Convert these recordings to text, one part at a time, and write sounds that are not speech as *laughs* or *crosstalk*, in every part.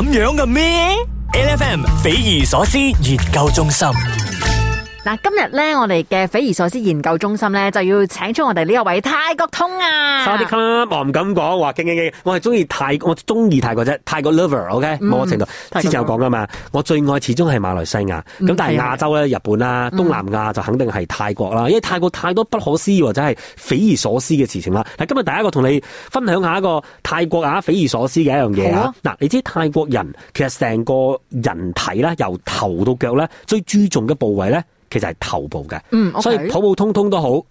咁樣嘅咩？LFM 匪夷所思研究中心。嗱，今日咧，我哋嘅匪夷所思研究中心咧，就要請出我哋呢一位泰國通啊！收我唔敢講話，我係中意泰，我中意泰國啫，泰國 lover，OK？、Okay? 冇、嗯、程度，之前有講㗎嘛？我最愛始終係馬來西亞，咁、嗯、但係亞洲咧，日本啦、啊、東南亞就肯定係泰國啦，因為泰國太多不可思議或者係匪夷所思嘅事情啦。嗱，今日第一個同你分享一下一個泰國啊匪夷所思嘅一樣嘢啊！嗱、啊，你知泰國人其實成個人體咧，由頭到腳咧，最注重嘅部位咧。其實係頭部嘅，嗯 okay? 所以普普通通都好，唔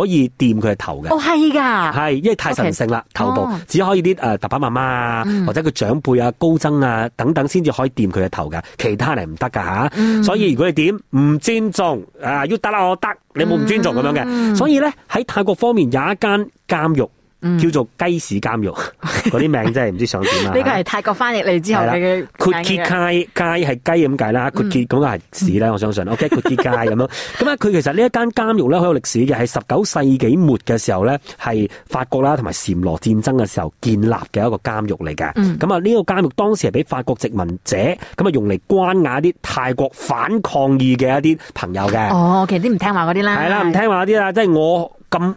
可以掂佢嘅頭嘅。哦，係噶，係因為太神聖啦，okay. 頭部、哦、只可以啲誒、呃、爸爸媽媽啊，或者個長輩啊、高僧啊等等，先至可以掂佢嘅頭噶，其他係唔得噶吓。所以如果你點唔尊重啊，要得啦，我得，你冇唔尊重咁樣嘅、嗯。所以咧喺泰國方面有一間監獄。叫做雞屎監獄，嗰 *laughs* 啲名真係唔知想點啊！呢個係泰國翻譯嚟之後嘅。Khukit Kai，Kai 係雞咁解啦，Khukit 咁啊係屎啦，我相信。OK，Khukit Kai 咁樣。咁啊，佢其實呢一間監獄咧，佢好有歷史嘅，係十九世紀末嘅時候咧，係法國啦同埋暹羅戰爭嘅時候建立嘅一個監獄嚟嘅。咁、嗯、啊，呢個監獄當時係俾法國殖民者咁啊用嚟關押啲泰國反抗議嘅一啲朋友嘅。哦，其實啲唔聽話嗰啲啦。係啦，唔聽話嗰啲啦，即係我。咁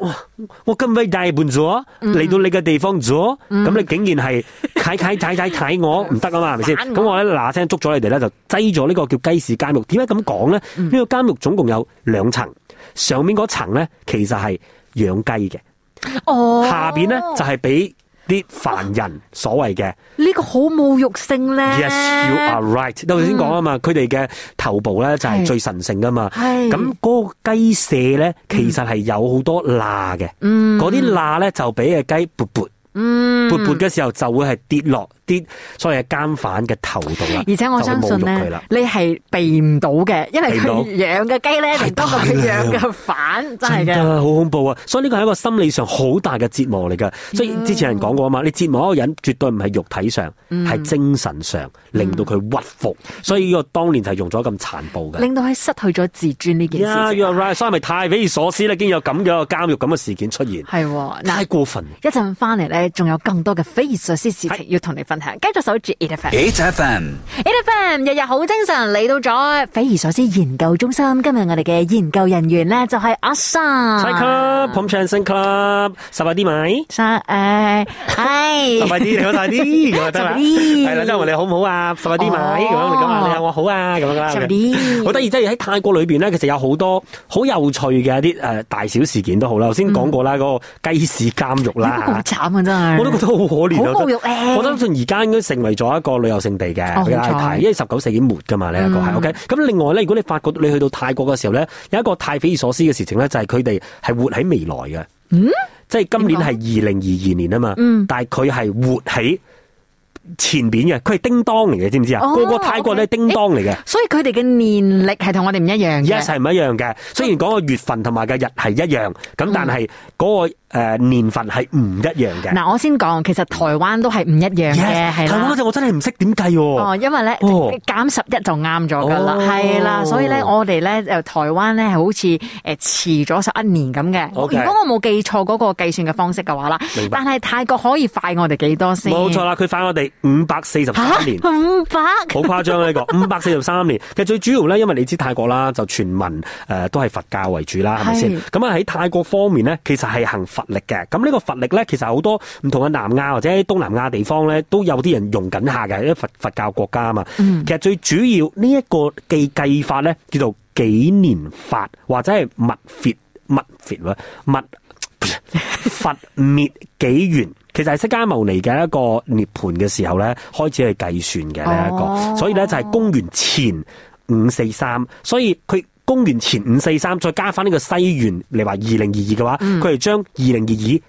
我咁偉大半咗嚟到你嘅地方咗，咁你竟然係睇睇睇睇睇我唔得啊嘛，係咪先？咁我咧嗱聲捉咗你哋咧，就擠咗呢個叫雞市監獄。點解咁講咧？呢、嗯、個監獄總共有兩層，上面嗰層咧其實係養雞嘅，下邊咧就係俾。啲凡人所謂嘅呢、哦呢個好侮辱性咧。Yes, you are right、嗯。我頭先講啊嘛，佢哋嘅頭部咧就係最神聖噶嘛。咁嗰個雞舍咧，其實係有好多罅嘅。嗰啲罅咧就俾隻雞撥撥。嗯，潑潑嘅時候就會係跌落啲所謂監犯嘅頭度啦，而且我相信咧，你係避唔到嘅，因為佢養嘅雞咧，嚟都係養嘅犯，真係嘅、啊，好恐怖啊！所以呢個係一個心理上好大嘅折磨嚟噶。所以之前人講過啊嘛，你折磨一個人絕對唔係肉體上，係、嗯、精神上，令到佢屈服。所以呢個當年就係用咗咁殘暴嘅，令到佢失去咗自尊呢件事。啊 right 所以咪太匪夷所思咧，竟然有咁嘅監獄咁嘅事件出現，係、嗯、太過分。一陣翻嚟咧。仲有更多嘅匪夷所思事情要同你分享，跟、嗯、住守住 it fm，it fm，it fm，日日好精神嚟到咗匪夷所思研究中心。今日我哋嘅研究人員咧就係阿晨，club，pump dancing club，快啲咪，快誒，係、啊，快啲、啊啊，你好快啲，咁啊得啦，係啦，周文你好唔好啊？快啲咪，咁啊，你今日你有我好啊？咁啊，好得意，即係喺泰國裏邊咧，其實有好多好有趣嘅一啲誒大小事件都好啦。頭先講過啦，嗰、嗯，那個雞屎監獄啦， *laughs* 哎那個、好慘啊真。 *music* 我都覺得好可憐啊！我相信而家應該成為咗一個旅遊勝地嘅、哦，因為十九世紀末噶嘛，呢、嗯、一個係 OK。咁另外咧，如果你發覺你去到泰國嘅時候咧，有一個泰匪夷所思嘅事情咧，就係佢哋係活喺未來嘅。嗯，即係今年係二零二二年啊嘛。嗯、但係佢係活喺。前邊嘅佢係叮噹嚟嘅，知唔知啊？個、哦、個泰國咧都係叮噹嚟嘅，所以佢哋嘅年曆係同我哋唔一樣嘅，一係唔一樣嘅。雖然嗰個月份同埋嘅日係一樣，咁、嗯、但係嗰個誒年份係唔一樣嘅。嗱、嗯，我先講，其實台灣都係唔一樣嘅，係、yes, 台灣就我真係唔識點計喎。因為咧、哦、減十一就啱咗噶啦，係、哦、啦。所以咧我哋咧就台灣咧係好似誒遲咗十一年咁嘅。Okay. 如果我冇記錯嗰個計算嘅方式嘅話啦，明白。但係泰國可以快我哋幾多先？冇錯啦，佢快我哋。五百四十三年，五百好誇張，呢個五百四十三年。其實最主要咧，因為你知道泰國啦，就全民誒、呃、都係佛教為主啦，係咪先？咁啊喺泰國方面咧，其實係行佛曆嘅。咁呢個佛曆咧，其實好多唔同嘅南亞或者東南亞地方咧，都有啲人用緊下嘅，因為佛佛教國家嘛。嗯、其實最主要、這個、計呢一個記計法咧，叫做紀年法或者係密撇密撇密佛滅紀元。 *laughs* 其實係釋迦牟尼嘅一個涅盤嘅時候咧，開始去計算嘅呢一個，所以咧就係公元前五四三，所以佢公元前五四三再加翻呢個西元嚟話二零二二嘅話，佢係將二零二二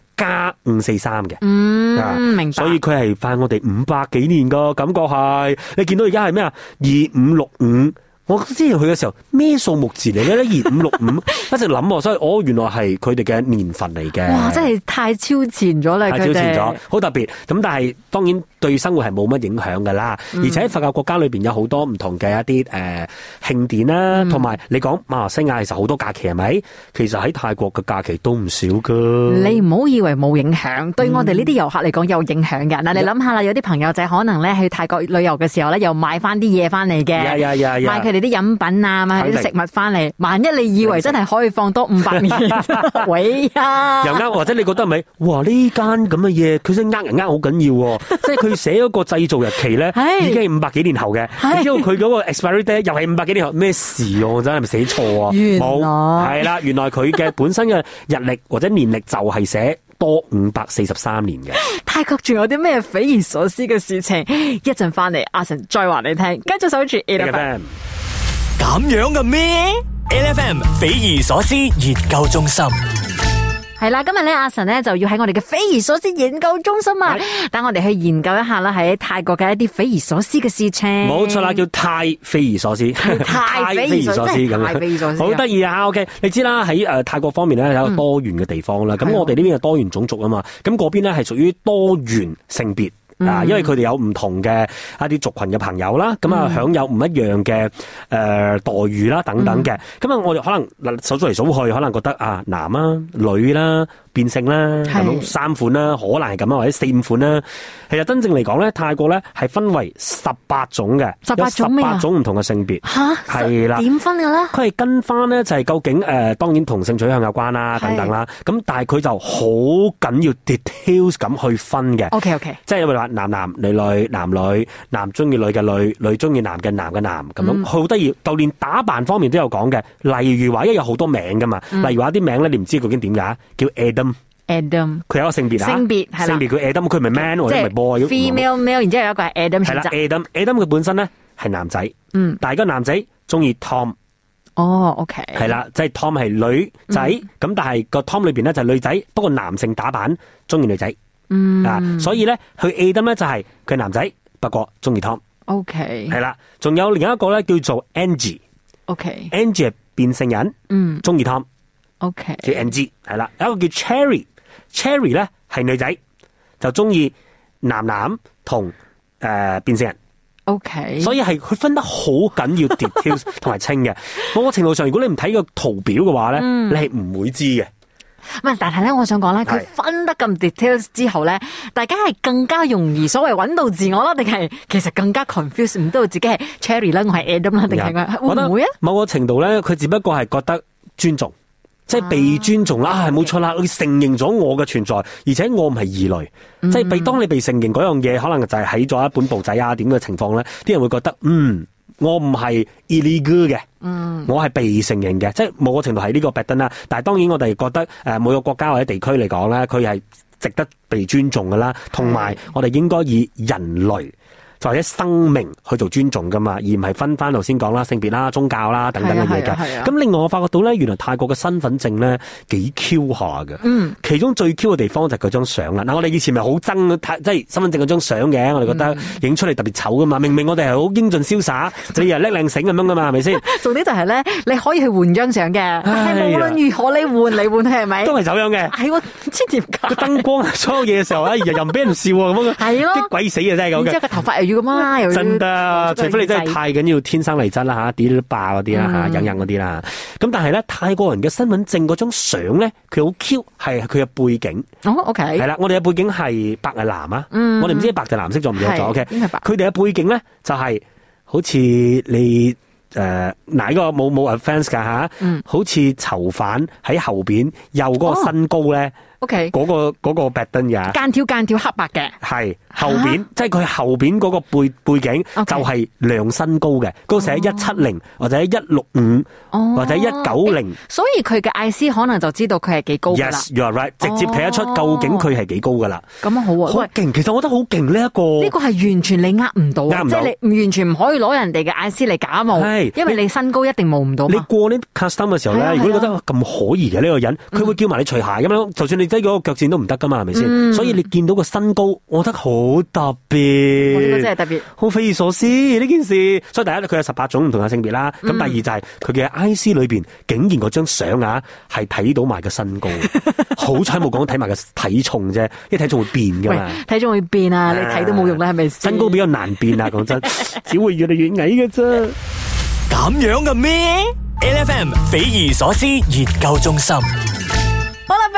加五四三嘅，嗯，明白。所以佢係快我哋五百幾年個感覺係，你見到而家係咩啊？二五六五。我之前去嘅時候，咩數目字嚟嘅咧？二五六五，一直諗，所以，哦，原來係佢哋嘅年份嚟嘅。哇，真係太超前咗啦！太超前咗，好特別。咁但係，當然。對生活係冇乜影響噶啦，而且喺佛教國家裏邊有好多唔同嘅一啲誒、呃、慶典啦、啊，同埋你講馬來西亞其實好多假期係咪？其實喺泰國嘅假期都唔少噶。你唔好以為冇影響，對我哋呢啲遊客嚟講有影響嘅嗱、嗯。你諗下啦，有啲朋友仔可能咧去泰國旅遊嘅時候咧，又買翻啲嘢翻嚟嘅，yeah, yeah, yeah, yeah. 買佢哋啲飲品啊，買啲食物翻嚟。萬一你以為真係可以放多五百蚊， *laughs* 喂呀、啊！又啱，或者你覺得咪哇呢間咁嘅嘢，佢先呃人呃好緊要喎、啊，即係佢。寫咗個製造日期咧，已經係五百幾年後嘅。之後佢嗰個 expiry date 又係五百幾年後，咩事啊？我真係咪寫錯啊？冇係啦，原來佢嘅本身嘅日曆或者年歷就係寫多五百四十三年嘅。 *laughs* 泰國仲有啲咩匪夷所思嘅事情？一陣翻嚟，阿晨再話你聽。跟住守住 L F M，咁樣嘅咩？L F M 匪夷所思研究中心。係啦，今日咧阿晨咧就要喺我哋嘅匪夷所思研究中心啊，等我哋去研究一下啦，喺泰國嘅一啲匪夷所思嘅事情。冇錯啦，叫泰匪夷所思，泰匪夷所思咁，好得意啊！OK，你知啦，喺誒泰國方面咧有一個多元嘅地方啦，咁、嗯、我哋呢邊係多元種族啊嘛，咁嗰邊咧係屬於多元性別。啊，因為佢哋有唔同嘅一啲族群嘅朋友啦，咁啊，啊享有唔一樣嘅誒、呃、待遇啦等等嘅，咁、嗯、啊我哋可能數咗嚟數去，可能覺得啊男啊女啦、啊。變性啦，咁三款啦，可能係咁啊，或者四五款啦。其實真正嚟講咧，泰國咧係分為十八種嘅，十八種咩啊？十八種唔同嘅性別吓？係啦，點分嘅咧？佢係跟翻咧就係、是、究竟誒、呃，當然同性取向有關啦，等等啦。咁但係佢就好緊要 details 咁去分嘅。OK OK，即係話男男、女女、男女、男中意女嘅女、女、女中意男嘅男嘅男咁樣，好得意。就連打扮方面都有講嘅，例如話因為有好多名㗎嘛、嗯，例如話啲名咧你唔知究竟點㗎，叫、Adam Adam 佢有一個性別吓，性別係啦，性別佢 Adam 佢唔係 man 或者唔係 boy，femalemale，然之後有一個係 AdamAdam，係啦 Adam，Adam 佢本身咧係男仔，嗯，但係個男仔中意 Tom，哦，OK，係啦，就係 Tom 係女仔，咁但係個 Tom 裏邊咧就係女仔，不過男性打扮，中意女仔，嗯，啊，所以咧佢 Adam 咧就係佢男仔，不過中意 Tom，OK，係啦，仲有另一個咧叫做 Angie，OK，Angie 係變性人，嗯，中意 Tom，OK，即係 Angie 係啦，有一個叫 Cherry。Cherry 咧係女仔，就中意男男同誒、呃、變性人。O、okay. K，所以係佢分得好緊要 *laughs* details 同埋清嘅。某個程度上，如果你唔睇個圖表嘅話咧、嗯，你係唔會知嘅。唔係，但係咧，我想講咧，佢分得咁 details 之後咧，大家係更加容易所謂揾到自我咯，定係其實更加 confuse 唔知自己係 Cherry 啦，我係 Adam 啦，定係會唔會啊？某個程度咧，佢只不過係覺得尊重。即係被尊重啦，係冇錯啦，佢承認咗我嘅存在，而且我唔係異類。嗯、即係被當你被承認嗰樣嘢，可能就係喺咗一本簿仔啊點嘅情況咧，啲人會覺得，嗯，我唔係 illegal 嘅，嗯，我係被承認嘅，即係某個程度係呢個拜登啦。但係當然我哋覺得，誒、呃，每個國家或者地區嚟講咧，佢係值得被尊重噶啦，同埋我哋應該以人類。或者生命去做尊重噶嘛，而唔係分翻頭先講啦，性別啦、宗教啦等等嘅嘢嘅。咁、啊啊啊、另外我發覺到咧，原來泰國嘅身份證咧幾 Q 下嘅，嗯，其中最 Q 嘅地方就係嗰張相啦。嗱、嗯，我哋以前咪好憎即係身份證嗰張相嘅，我哋覺得影出嚟特別醜噶嘛、嗯，明明我哋係好英俊瀟灑，成日叻靚醒咁樣噶嘛，係咪先？重點就係咧，你可以去換張相嘅，無論如何你換嚟換去係咪都係咁樣嘅？係我千祈個燈光所有嘢嘅時候，哎呀又唔俾人笑咁樣，係咯，啲鬼死啊真係咁嘅，之後個頭真噶、啊，除非你真係太緊要天生麗質啦吓，啲霸嗰啲啦吓，人人嗰啲啦。咁但係咧，泰國人嘅身份證嗰張相咧，佢好 Q，係佢嘅背景。OK 係啦，我哋嘅背景係白係藍啊，嗯、我哋唔知係白就藍色咗唔咗？OK。咁係白。佢哋嘅背景咧就係好似你誒，嗱呢個冇冇 fans 噶吓，好似、呃啊嗯、囚犯喺後邊，又嗰個身高咧。哦。O K，嗰個嗰個 pattern 嘅間條間條黑白嘅，係後邊，即係佢後邊嗰個背背景，就係量身高嘅，個寫一七零或者一六五或者一九零，所以佢嘅 I C 可能就知道佢係幾高啦。Yes，you're right，直接睇得出究竟佢係幾高噶啦。咁啊好啊，好勁！其實我覺得好勁呢一個，呢個係完全你呃唔到，即係你唔完全唔可以攞人哋嘅 I C 嚟假冒，係因為你身高一定冒唔到。你過啲 custom 嘅時候咧，如果你覺得咁可疑嘅呢個人，佢會叫埋你除鞋咁樣，就算你。呢個腳戰都唔得噶嘛，係咪先？所以你見到個身高，我覺得好特別，我覺得真係特別，好匪夷所思呢件事。所以第一佢有十八種唔同嘅性別啦。咁、嗯、第二就係、是、佢嘅 I C 裏邊，竟然嗰張相啊係睇到埋個身高， *laughs* 好彩冇講睇埋個體重啫，因為體重會變噶嘛，體重會變啊！啊你睇都冇用啦、啊，係咪？身高比較難變啊，講真，只會越嚟越矮嘅啫。咁樣嘅咩？L F M 匪夷所思研究中心。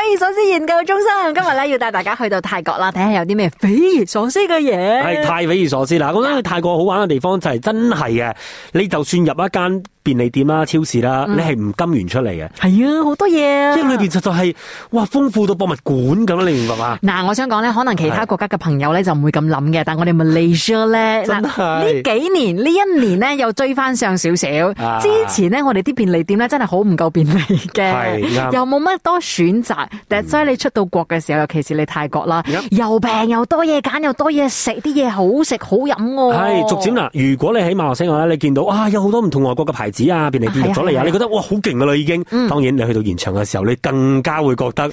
匪夷所思研究中心今日咧要帶大家去到泰國啦，睇下有啲咩匪夷所思嘅嘢，係太匪夷所思啦！咁去泰國好玩嘅地方就係真係嘅，你就算入一間。便利店啦、啊、超市啦、啊嗯，你係唔甘願出嚟嘅，係啊，好多嘢、啊，因為裏邊實在係哇豐富到博物館咁你明白嘛？嗱，我想講咧，可能其他國家嘅朋友咧就唔會咁諗嘅，但係我哋馬來西亞咧，嗱呢幾年呢一年呢，又追翻上少少、啊，之前呢，我哋啲便利店咧真係好唔夠便利嘅，又冇乜多選擇，但、嗯、係，所以你出到國嘅時候，尤其是你泰國啦、嗯，又平又多嘢揀，又多嘢食，啲嘢好食好飲喎、啊，係逐漸嗱、啊。如果你喺馬來西亞咧，你見到啊有好多唔同的外國嘅牌子。紙啊，便利變咗嚟啊！啊、你覺得哇，好勁噶啦，已經。嗯。當然你去到現場嘅時候，你更加會覺得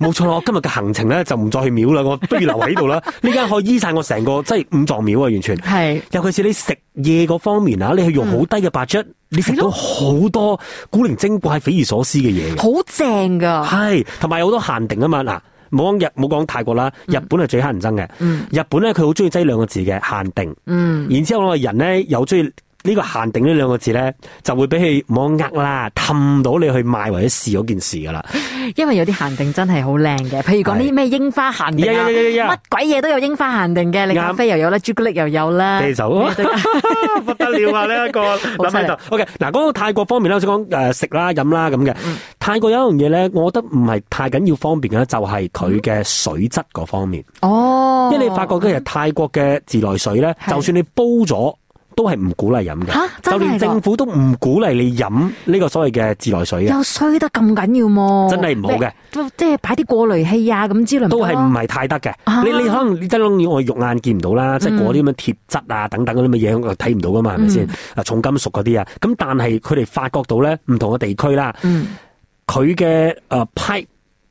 冇錯 *laughs* 我今日嘅行程咧，就唔再去廟啦，我不如留喺度啦。呢 *laughs* 間可以醫晒我成個即係五臟廟啊，完全係。啊、尤其是你食嘢嗰方面啊，你係用好低嘅預算，嗯、你食到好多古靈精怪、匪夷所思嘅嘢，好正噶。係，同埋有好多限定啊嘛。嗱，冇講日，冇講泰國啦，嗯、日本係最乞人憎嘅。嗯、日本咧，佢好中意擠兩個字嘅限定。嗯然。然之後我哋人咧，有中意。呢、這個限定呢兩個字咧，就會俾佢冇呃啦，氹到你去賣或者試嗰件事噶啦。因為有啲限定真係好靚嘅，譬如講啲咩櫻花限定、啊，乜鬼嘢都有櫻花限定嘅。你咖啡又有啦，朱、yeah. 古力又有啦，就 *laughs* 不得了啊！呢、那、一個諗下就 OK。嗱，講到泰國方面呢，我想講誒食啦、飲啦咁嘅、嗯。泰國有一樣嘢咧，我覺得唔係太緊要方便嘅，就係佢嘅水質嗰方面。哦、嗯，因為你發覺嗰日泰國嘅自來水咧、嗯，就算你煲咗。都係唔鼓勵飲嘅，就連政府都唔鼓勵你飲呢個所謂嘅自來水嘅。又衰得咁緊要喎，真係唔好嘅，即係擺啲過濾器啊，咁之類。都係唔係太得嘅、啊。你你可能你真我肉眼見唔到啦，即係嗰啲咁嘅鐵質啊，等等嗰啲咁嘅嘢，我睇唔到噶嘛，係咪先？啊，啊等等嗯、重金屬嗰啲啊，咁但係佢哋發覺到咧，唔同嘅地區啦，佢嘅誒批。Uh, pipe,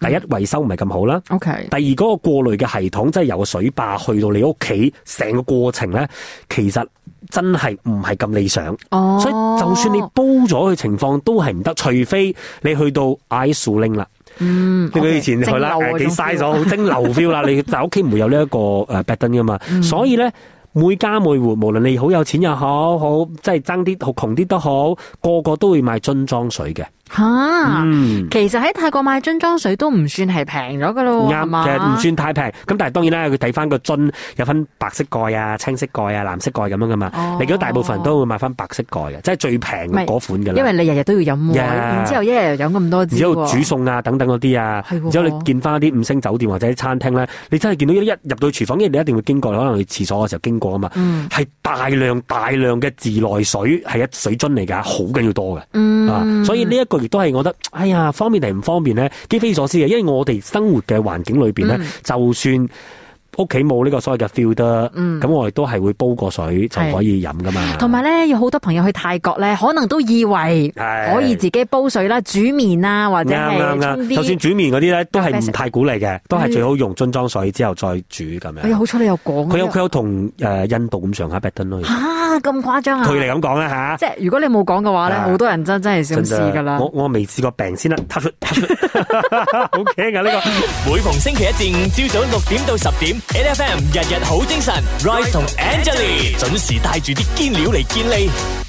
第一維修唔係咁好啦，okay. 第二嗰、那個過濾嘅系統，即係由水壩去到你屋企成個過程咧，其實真係唔係咁理想。哦、oh.，所以就算你煲咗嘅情況都係唔得，除非你去到 i s o l e 啦，嗯，以前去啦，誒、okay,，嘥咗蒸餾票啦，呃、 *laughs* 你但屋企唔會有呢一個誒 baden 噶嘛、嗯。所以咧，每家每戶，無論你好有錢又好，好即係爭啲好窮啲都好，個個都會買樽裝水嘅。吓、啊，其實喺泰國買樽裝水都唔算係平咗噶咯，啱，其實唔算太平。咁但係當然啦，佢睇翻個樽有分白色蓋啊、青色蓋啊、藍色蓋咁樣噶嘛。你見到大部分人都會買翻白色蓋嘅，即係最平嗰款噶啦。因為你日日都要飲，啊、然之後一日又飲咁多，然之後煮餸啊等等嗰啲啊，然之後你見翻啲五星酒店或者餐廳咧，你真係見到一入到廚房，因為你一定會經過，可能去廁所嘅時候經過啊嘛。係大量大量嘅自來水係一水樽嚟噶，好緊要多嘅。嗯、所以呢、這、一個。亦都係，我覺得，哎呀，方便定唔方便呢？匪夷所思嘅。因為我哋生活嘅環境裏邊呢，嗯、就算。屋企冇呢個所謂嘅 filter 得，咁我哋都係會煲個水就可以飲噶嘛。同埋咧，有好多朋友去泰國咧，可能都以為可以自己煲水啦、煮麵啦、啊，或者啱啱啱，就算煮麵嗰啲咧，都係唔太鼓勵嘅，都係最好用樽裝水之後再煮咁樣。哎、好彩你有講。佢有佢有同誒印度咁上下 pattern。吓咁誇張啊！佢嚟咁講咧吓，即係如果你冇講嘅話咧，好多人真真係想咁試噶啦。我我未試過病先啦。好驚噶呢個！每逢星期一至五朝早六點到十點。N F M 日日好精神，日日好精神，Rise 同 Angelie 準時帶住啲堅料嚟健利。